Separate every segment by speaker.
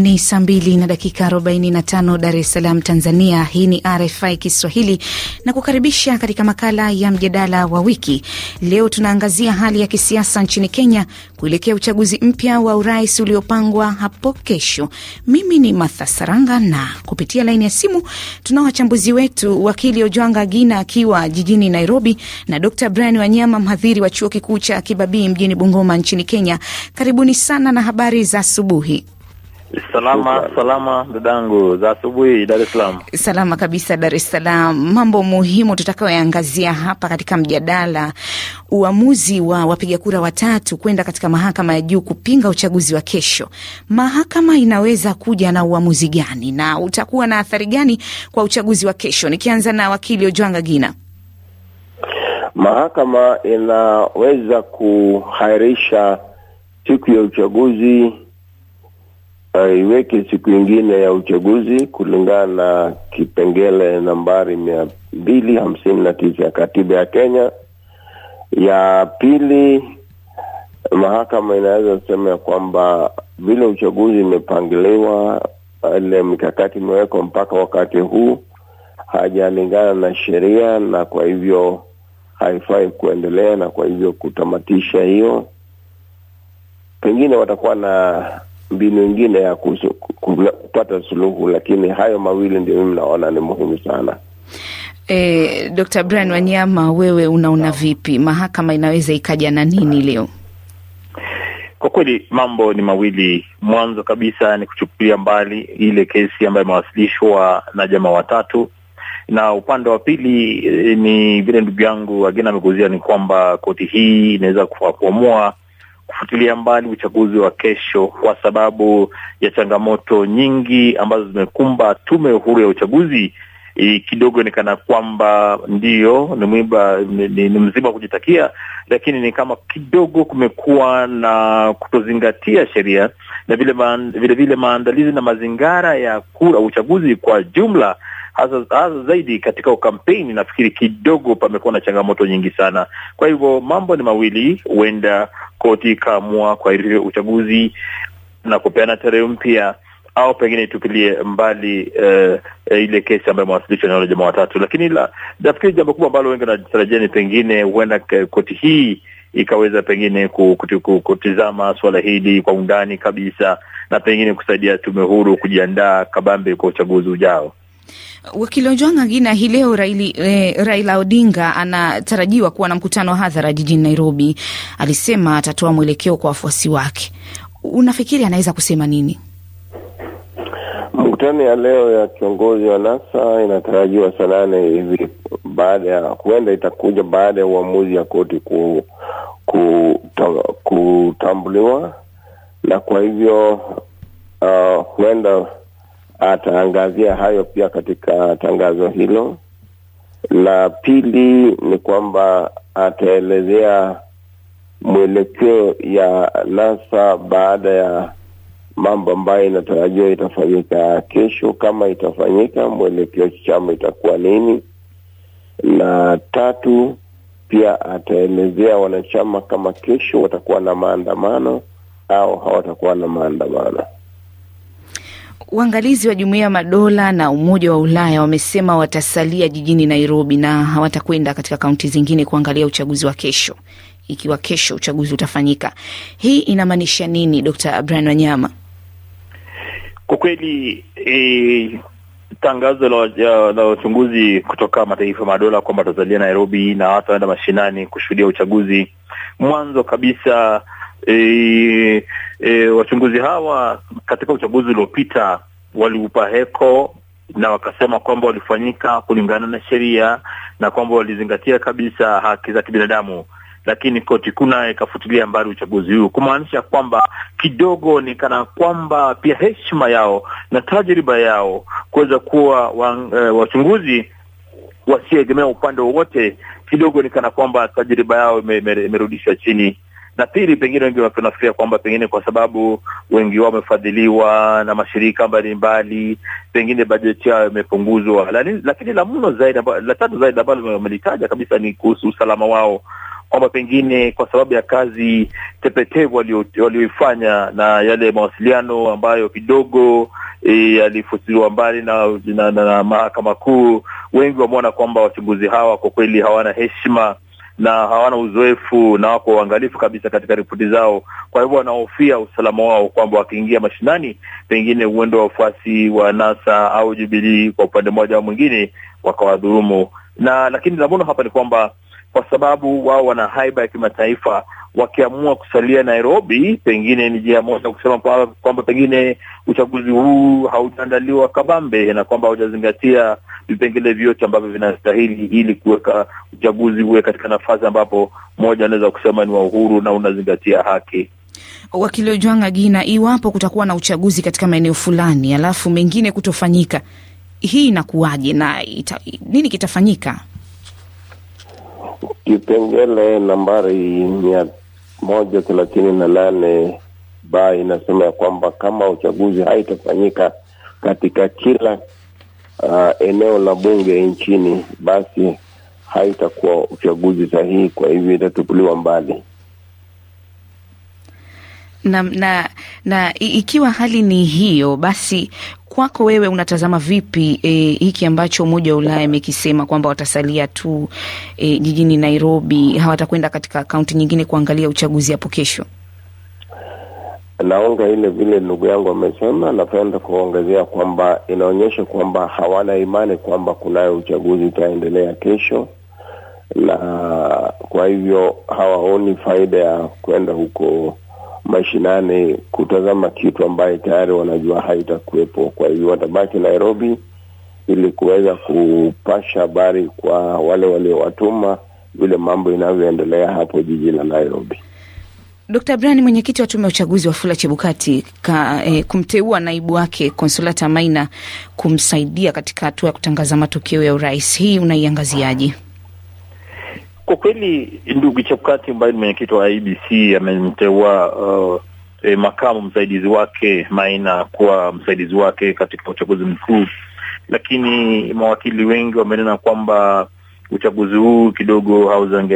Speaker 1: Ni saa mbili na dakika 45 Dar es Salaam, Tanzania. Hii ni RFI Kiswahili na kukaribisha katika makala ya mjadala wa wiki. Leo tunaangazia hali ya kisiasa nchini Kenya kuelekea uchaguzi mpya wa urais uliopangwa hapo kesho. Mimi ni Martha Saranga na kupitia laini ya simu tunao wachambuzi wetu, wakili Ojwanga Gina akiwa jijini Nairobi na Dr Brian Wanyama, mhadhiri wa chuo kikuu cha Kibabii mjini Bungoma nchini Kenya. Karibuni sana na habari za asubuhi.
Speaker 2: Salama Super. Salama dadangu, za asubuhi Dar es Salaam.
Speaker 1: Salama kabisa Dar es Salaam. Mambo muhimu tutakayoyaangazia hapa katika mjadala, uamuzi wa wapiga kura watatu kwenda katika mahakama ya juu kupinga uchaguzi wa kesho. Mahakama inaweza kuja na uamuzi gani na utakuwa na athari gani kwa uchaguzi wa kesho? Nikianza na wakili Ojwanga Gina.
Speaker 3: Mahakama inaweza kuhairisha siku ya uchaguzi aiweke siku ingine ya uchaguzi kulingana na kipengele nambari mia mbili hamsini na tisa ya katiba ya Kenya. Ya pili, mahakama inaweza sema ya kwamba vile uchaguzi imepangiliwa, ile mikakati imewekwa mpaka wakati huu hajalingana na sheria, na kwa hivyo haifai kuendelea, na kwa hivyo kutamatisha hiyo. Pengine watakuwa na mbinu ingine ya kupata suluhu, lakini hayo mawili ndio mimi naona ni muhimu sana.
Speaker 1: E, eh, Dr. Brian Wanyama, wewe unaona vipi, mahakama inaweza ikaja na nini leo?
Speaker 3: Kwa kweli
Speaker 2: mambo ni mawili. Mwanzo kabisa ni kuchukulia mbali ile kesi ambayo imewasilishwa na jamaa watatu, na upande wa pili eh, ni vile ndugu yangu Agina amekuzia, ni kwamba koti hii inaweza kuamua kufutilia mbali uchaguzi wa kesho kwa sababu ya changamoto nyingi ambazo zimekumba tume uhuru ya uchaguzi kidogo ni kwamba ndiyo ni mwiba ni, ni, ni mzima wa kujitakia, lakini ni kama kidogo kumekuwa na kutozingatia sheria na vile vile vile maandalizi na mazingara ya kura uchaguzi kwa jumla, hasa hasa zaidi katika ukampeni, nafikiri kidogo pamekuwa na changamoto nyingi sana. Kwa hivyo mambo ni mawili, huenda koti kaamua kuahirisha uchaguzi na kupeana tarehe mpya au pengine itupilie mbali uh, ile kesi ambayo imewasilishwa na wale jamaa watatu, lakini nafikiri jambo kubwa ambalo wengi wanatarajia ni pengine huenda koti hii ikaweza pengine kutizama suala hili kwa undani kabisa na pengine kusaidia tume huru kujiandaa kabambe kwa uchaguzi ujao.
Speaker 1: Wakili Ojwang' Agina, hii leo Raili, eh, Raila Odinga anatarajiwa kuwa na mkutano wa hadhara jijini Nairobi. Alisema atatoa mwelekeo kwa wafuasi wake. Unafikiri anaweza kusema nini?
Speaker 3: Mkutano ya leo ya kiongozi wa NASA inatarajiwa sanane hivi, baada ya huenda itakuja baada ya uamuzi ya koti kuu kutambuliwa, na kwa hivyo uh, huenda ataangazia hayo pia katika tangazo hilo. La pili ni kwamba ataelezea mwelekeo ya NASA baada ya mambo ambayo inatarajiwa itafanyika kesho, kama itafanyika, mwelekeo chama itakuwa nini. la tatu pia ataelezea wanachama kama kesho watakuwa na maandamano au hawatakuwa na maandamano.
Speaker 1: uangalizi wa Jumuiya ya Madola na Umoja wa Ulaya wamesema watasalia jijini Nairobi na hawatakwenda katika kaunti zingine kuangalia uchaguzi wa kesho, ikiwa kesho uchaguzi utafanyika. Hii inamaanisha nini, Dkt. Brian Wanyama?
Speaker 2: Kwa kweli e, tangazo la wachunguzi kutoka mataifa madola kwamba watasalia Nairobi na hataenda mashinani kushuhudia uchaguzi. Mwanzo kabisa e, e, wachunguzi hawa katika uchaguzi uliopita waliupa heko na wakasema kwamba walifanyika kulingana na sheria na kwamba walizingatia kabisa haki za kibinadamu lakini koti kuu ikafutilia mbali uchaguzi huu, kumaanisha kwamba kidogo ni kana kwamba pia heshima yao na tajriba yao kuweza kuwa e, wachunguzi e, wasioegemea upande wowote, kidogo ni kana kwamba tajriba yao imerudishwa chini na pili, pengine wengi wanafikiria kwamba pengine kwa sababu wengi wao wamefadhiliwa na mashirika mbalimbali, pengine bajeti yao imepunguzwa. Lakini la mno zaidi, la tatu zaidi ambalo wamelitaja kabisa ni kuhusu usalama wao kwamba pengine kwa sababu ya kazi tepetevu walioifanya na yale mawasiliano ambayo kidogo e, yalifutiliwa mbali na, na, na, na mahakama kuu, wengi wameona kwamba wachunguzi hawa kwa kweli hawana heshima na hawana uzoefu na wako uangalifu kabisa katika ripoti zao. Kwa hivyo wanahofia usalama wao, kwamba wakiingia mashinani, pengine uendo wa wafuasi wa NASA au Jubilii kwa upande mmoja au mwingine wakawadhurumu. Na lakini la muno hapa ni kwamba kwa sababu wao wana haiba ya kimataifa. Wakiamua kusalia Nairobi, pengine ni njia moja kusema kwamba pengine uchaguzi huu haujaandaliwa kabambe na kwamba haujazingatia vipengele vyote ambavyo vinastahili ili kuweka uchaguzi uwe katika nafasi ambapo moja anaweza kusema ni wa uhuru na unazingatia haki.
Speaker 1: Wakili Ojwanga Gina, iwapo kutakuwa na uchaguzi katika maeneo fulani alafu mengine kutofanyika, hii inakuwaje na ita, nini kitafanyika?
Speaker 3: Kipengele nambari mia moja thelathini na nane ba inasema ya kwamba kama uchaguzi haitafanyika katika kila uh, eneo la bunge nchini, basi haitakuwa uchaguzi sahihi, kwa hivyo itatupuliwa mbali
Speaker 1: na, na, na ikiwa hali ni hiyo basi kwako wewe unatazama vipi e, hiki ambacho Umoja wa Ulaya imekisema kwamba watasalia tu e, jijini Nairobi, hawatakwenda katika kaunti nyingine kuangalia uchaguzi hapo kesho?
Speaker 3: naonga ile vile ndugu yangu amesema. Napenda kuongezea kwamba inaonyesha kwamba hawana imani kwamba kunayo uchaguzi utaendelea kesho, na kwa hivyo hawaoni faida ya kwenda huko mashinani kutazama kitu ambaye tayari wanajua haitakuwepo. Kwa hivyo watabaki Nairobi ili kuweza kupasha habari kwa wale waliowatuma vile mambo inavyoendelea hapo jiji la Nairobi.
Speaker 1: Dkt. Brian, mwenyekiti wa tume ya uchaguzi wa fula Chebukati ka, eh, kumteua naibu wake Konsolata Maina kumsaidia katika hatua ya kutangaza matokeo ya urais, hii unaiangaziaje? Kwa
Speaker 2: kweli ndugu Chebukati ambaye ni mwenyekiti wa IBC amemteua uh, e, makamu msaidizi wake Maina kuwa msaidizi wake katika uchaguzi mkuu, lakini mawakili wengi wamenena kwamba uchaguzi huu kidogo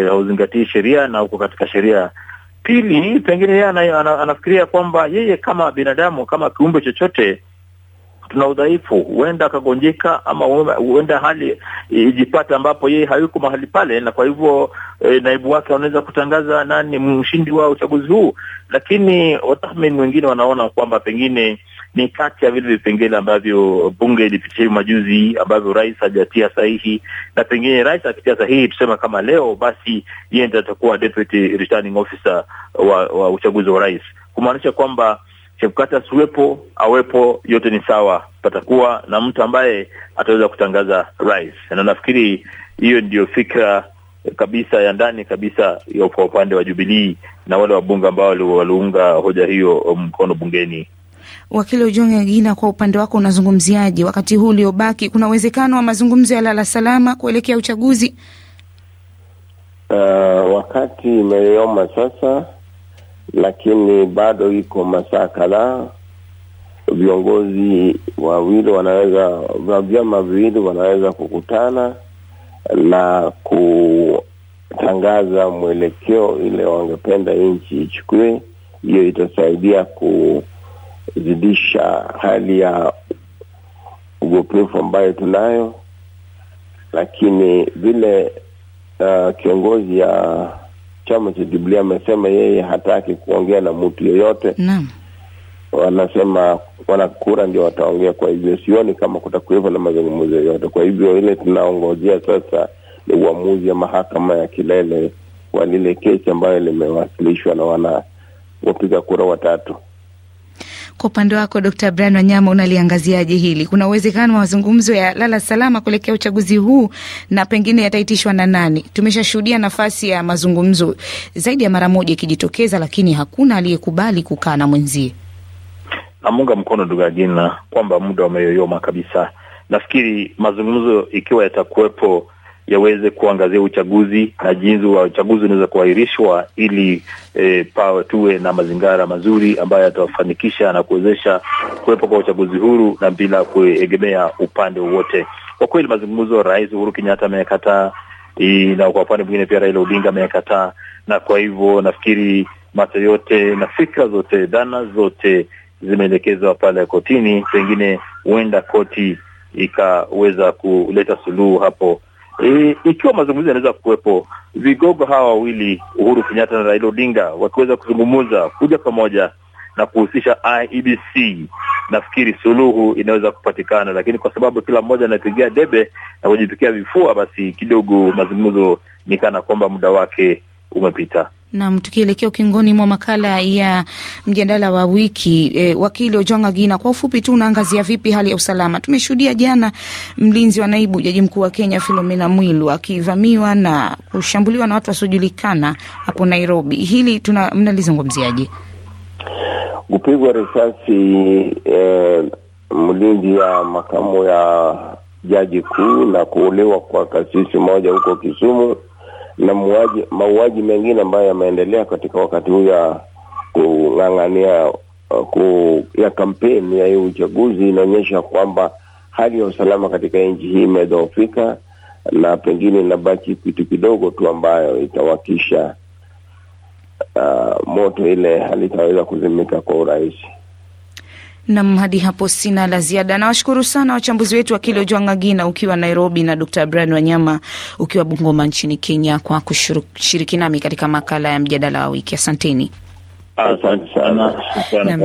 Speaker 2: hauzingatii sheria na uko katika sheria. Pili, pengine yeye anafikiria kwamba yeye kama binadamu kama kiumbe chochote tuna udhaifu, huenda akagonjeka ama huenda hali ijipata ambapo yeye hayuko mahali pale, na kwa hivyo e, naibu wake anaweza kutangaza nani mshindi wa uchaguzi huu. Lakini watathmini wengine wanaona kwamba pengine ni kati ya vile vipengele ambavyo bunge ilipitia majuzi ambavyo rais hajatia sahihi, na pengine rais akitia sahihi, tusema kama leo, basi yeye ndiye atakuwa deputy returning officer wa, wa uchaguzi wa rais, kumaanisha kwamba Chebukati asiwepo awepo, yote ni sawa, patakuwa na mtu ambaye ataweza kutangaza rais, na nafikiri hiyo ndiyo fikra kabisa ya ndani kabisa kwa upande wa Jubilii na wale wabunge ambao waliunga hoja hiyo mkono bungeni.
Speaker 1: Wakili Ujonge gina kwa upande wako unazungumziaje wakati huu uliobaki? Kuna uwezekano wa mazungumzo ya lala salama kuelekea uchaguzi?
Speaker 3: Uh, wakati imeyoma sasa lakini bado iko masaa kadhaa viongozi wawili wanaweza wa vyama viwili wanaweza kukutana na kutangaza mwelekeo ile wangependa nchi ichukue. Hiyo itasaidia kuzidisha hali ya ugopefu ambayo tunayo, lakini vile uh, kiongozi ya chama cha Jubilee amesema yeye hataki kuongea na mtu yeyote. Naam, wanasema wanakura ndio wataongea. Kwa hivyo sioni kama kutakuwepo na mazungumzo yoyote. Kwa hivyo ile tunaongojea sasa ni uamuzi ya mahakama ya kilele wa lile kesi ambayo limewasilishwa na wana wapiga kura watatu.
Speaker 1: Kwa upande wako Dkt. Brian Wanyama, unaliangaziaje hili? Kuna uwezekano wa mazungumzo ya lala salama kuelekea uchaguzi huu na pengine yataitishwa na nani? Tumeshashuhudia nafasi ya mazungumzo zaidi ya mara moja ikijitokeza, lakini hakuna aliyekubali kukaa na mwenzie.
Speaker 2: Namunga mkono ndugu Agina kwamba muda umeyoyoma kabisa. Nafikiri mazungumzo ikiwa yatakuwepo yaweze kuangazia uchaguzi na jinsi wa uchaguzi unaweza kuahirishwa ili e, eh, pawe tuwe na mazingara mazuri ambayo yatafanikisha na kuwezesha kuwepo kwa uchaguzi huru na bila kuegemea upande wowote. Kwa kweli mazungumzo, Rais Uhuru Kenyatta ameyakataa na kwa upande mwingine pia Raila Odinga amekataa, na kwa hivyo nafikiri macho yote na fikra zote, dhana zote zimeelekezwa pale kotini. Pengine huenda koti ikaweza kuleta suluhu hapo E, ikiwa mazungumzo yanaweza kuwepo, vigogo hawa wawili Uhuru Kenyatta na Raila Odinga wakiweza kuzungumza, kuja pamoja na kuhusisha IEBC, nafikiri suluhu inaweza kupatikana, lakini kwa sababu kila mmoja anapigia debe na kujipikia vifua, basi kidogo mazungumzo ni kana kwamba muda wake umepita.
Speaker 1: Nam, tukielekea ukingoni mwa makala ya mjadala wa wiki e, wakili Ojwanga Gina, kwa ufupi tu unaangazia vipi hali ya usalama? Tumeshuhudia jana mlinzi wa naibu jaji mkuu wa Kenya filomena Mwilu akivamiwa na kushambuliwa na watu wasiojulikana hapo Nairobi. Hili mnalizungumziaje?
Speaker 3: Kupigwa risasi e, mlinzi wa makamu ya jaji kuu na kuolewa kwa kasisi moja huko Kisumu na mauaji mengine ambayo yameendelea katika wakati huu ya kung'ang'ania uh, ya kampeni ya hii uchaguzi inaonyesha kwamba hali ya usalama katika nchi hii imedhoofika na pengine inabaki kitu kidogo tu ambayo itawakisha uh, moto ile halitaweza kuzimika kwa
Speaker 1: urahisi. Nam, hadi hapo sina la ziada. Nawashukuru sana wachambuzi wetu Wakili Ojwang'agina ukiwa Nairobi na Dkt Brian Wanyama ukiwa Bungoma nchini Kenya kwa kushiriki nami katika makala ya mjadala wa wiki. Asanteni.
Speaker 3: Asante sana sana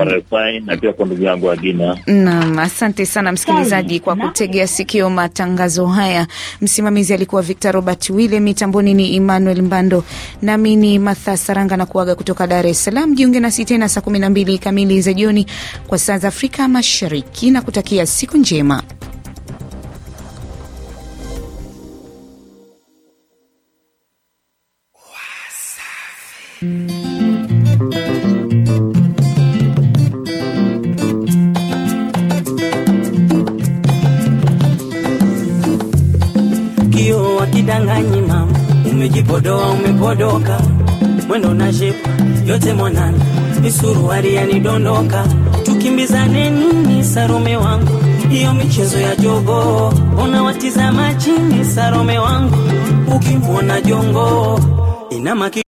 Speaker 1: Naam, asante sana msikilizaji kwa kutegea sikio matangazo haya. Msimamizi alikuwa Victor Robert wille mitamboni ni Emmanuel Mbando, nami ni Martha Saranga na kuaga kutoka Dar es Salaam. Jiunge nasi tena saa 12 kamili za jioni kwa saa za Afrika Mashariki na kutakia siku njema.
Speaker 3: umejipodoa umepodoka, mwendo na shepu yote mwanani misuruari yanidondoka,
Speaker 1: tukimbizane nini Sarume wangu, hiyo michezo ya jogo watizama chini Sarume wangu, ukimwona jongo
Speaker 2: inamaki